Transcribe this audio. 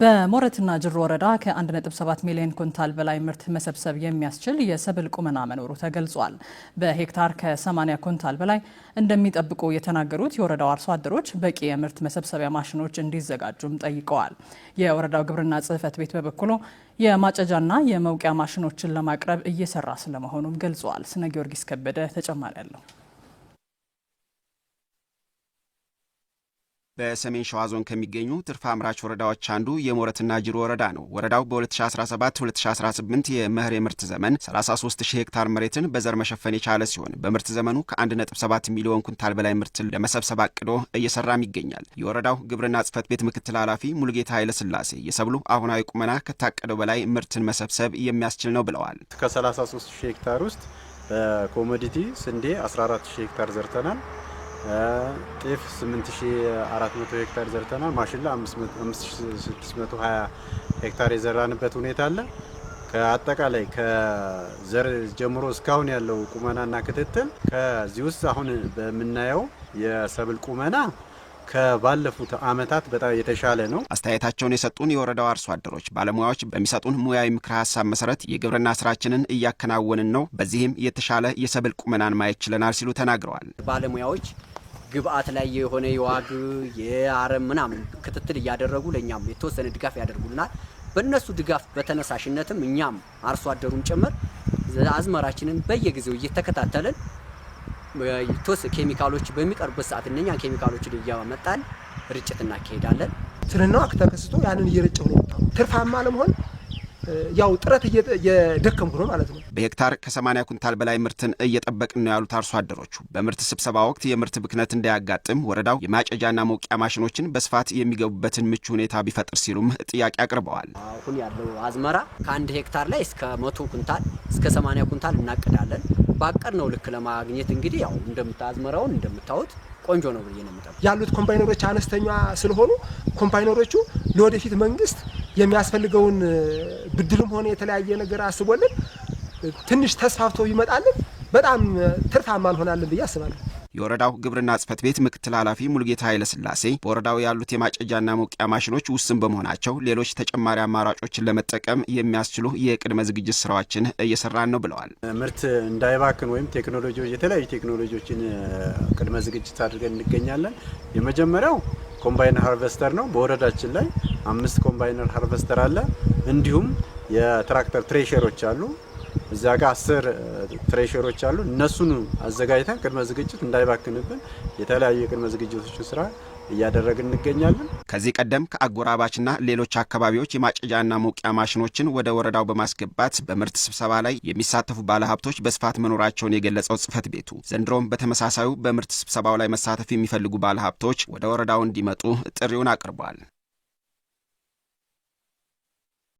በሞረትና ጅሮ ወረዳ ከ1.7 ሚሊዮን ኩንታል በላይ ምርት መሰብሰብ የሚያስችል የሰብል ቁመና መኖሩ ተገልጿል። በሄክታር ከ80 ኩንታል በላይ እንደሚጠብቁ የተናገሩት የወረዳው አርሶ አደሮች በቂ የምርት መሰብሰቢያ ማሽኖች እንዲዘጋጁም ጠይቀዋል። የወረዳው ግብርና ጽሕፈት ቤት በበኩሉ የማጨጃና የመውቂያ ማሽኖችን ለማቅረብ እየሰራ ስለመሆኑም ገልጿል። ስነ ጊዮርጊስ ከበደ ተጨማሪ አለው። በሰሜን ሸዋ ዞን ከሚገኙ ትርፍ አምራች ወረዳዎች አንዱ የሞረትና ጅሮ ወረዳ ነው። ወረዳው በ2017-2018 የመኸር የምርት ዘመን 330 ሄክታር መሬትን በዘር መሸፈን የቻለ ሲሆን በምርት ዘመኑ ከ1.7 ሚሊዮን ኩንታል በላይ ምርትን ለመሰብሰብ አቅዶ እየሰራም ይገኛል። የወረዳው ግብርና ጽሕፈት ቤት ምክትል ኃላፊ ሙሉጌታ ኃይለ ስላሴ የሰብሉ አሁናዊ ቁመና ከታቀደው በላይ ምርትን መሰብሰብ የሚያስችል ነው ብለዋል። ከ330 ሄክታር ውስጥ በኮሞዲቲ ስንዴ 14 ሄክታር ዘርተናል። ጤፍ 8400 ሄክታር ዘርተናል። ማሽላ 5620 ሄክታር የዘራንበት ሁኔታ አለ። ከአጠቃላይ ከዘር ጀምሮ እስካሁን ያለው ቁመናና ክትትል ከዚህ ውስጥ አሁን በምናየው የሰብል ቁመና ከባለፉት ዓመታት በጣም የተሻለ ነው። አስተያየታቸውን የሰጡን የወረዳው አርሶ አደሮች ባለሙያዎች በሚሰጡን ሙያዊ ምክረ ሀሳብ መሰረት የግብርና ስራችንን እያከናወንን ነው፣ በዚህም የተሻለ የሰብል ቁመናን ማየት ችለናል ሲሉ ተናግረዋል። ባለሙያዎች ግብአት ላይ የሆነ የዋግ የአረም ምናምን ክትትል እያደረጉ ለእኛም የተወሰነ ድጋፍ ያደርጉልናል። በእነሱ ድጋፍ በተነሳሽነትም እኛም አርሶ አደሩን ጭምር አዝመራችንን በየጊዜው እየተከታተልን ቶስ ኬሚካሎች በሚቀርቡበት ሰዓት እነኛ ኬሚካሎችን እያመጣን ርጭት እናካሄዳለን። ስንናዋክ ተከስቶ ያንን እየረጭ ነው ትርፋማ ለመሆን ያው ጥረት እየደከምኩ ነው ማለት ነው። በሄክታር ከ80 ኩንታል በላይ ምርትን እየጠበቅን ነው ያሉት አርሶ አደሮቹ በምርት ስብሰባ ወቅት የምርት ብክነት እንዳያጋጥም ወረዳው የማጨጃና መውቂያ ማሽኖችን በስፋት የሚገቡበትን ምቹ ሁኔታ ቢፈጥር ሲሉም ጥያቄ አቅርበዋል። አሁን ያለው አዝመራ ከአንድ ሄክታር ላይ እስከ መቶ ኩንታል እስከ 80 ኩንታል እናቅዳለን። ባቀድ ነው ልክ ለማግኘት እንግዲህ ያው እንደምታ አዝመራውን እንደምታዩት ቆንጆ ነው ብዬ ነው የምጠብቀው። ያሉት ኮምባይነሮች አነስተኛ ስለሆኑ ኮምባይነሮቹ ለወደፊት መንግስት የሚያስፈልገውን ብድርም ሆነ የተለያየ ነገር አስቦልን ትንሽ ተስፋፍቶ ይመጣልን በጣም ትርፋማ እንሆናለን ብዬ አስባለሁ። የወረዳው ግብርና ጽሕፈት ቤት ምክትል ኃላፊ ሙልጌታ ስላሴ በወረዳው ያሉት የማጨጃና መውቂያ ማሽኖች ውስን በመሆናቸው ሌሎች ተጨማሪ አማራጮችን ለመጠቀም የሚያስችሉ የቅድመ ዝግጅት ስራዎችን እየሰራን ነው ብለዋል። ምርት እንዳይባክን ወይም ቴክኖሎጂዎች የተለያዩ ቴክኖሎጂዎችን ቅድመ ዝግጅት አድርገን እንገኛለን። የመጀመሪያው ኮምባይን ሃርቨስተር ነው በወረዳችን ላይ አምስት ኮምባይነር ሃርቨስተር አለ። እንዲሁም የትራክተር ትሬሸሮች አሉ። እዚያ ጋር አስር ትሬሸሮች አሉ። እነሱን አዘጋጅተን ቅድመ ዝግጅት እንዳይባክንብን የተለያዩ የቅድመ ዝግጅቶችን ስራ እያደረግን እንገኛለን። ከዚህ ቀደም ከአጎራባችና ሌሎች አካባቢዎች የማጨጃና መውቂያ ማሽኖችን ወደ ወረዳው በማስገባት በምርት ስብሰባ ላይ የሚሳተፉ ባለሀብቶች በስፋት መኖራቸውን የገለጸው ጽፈት ቤቱ ዘንድሮም በተመሳሳዩ በምርት ስብሰባው ላይ መሳተፍ የሚፈልጉ ባለሀብቶች ወደ ወረዳው እንዲመጡ ጥሪውን አቅርቧል።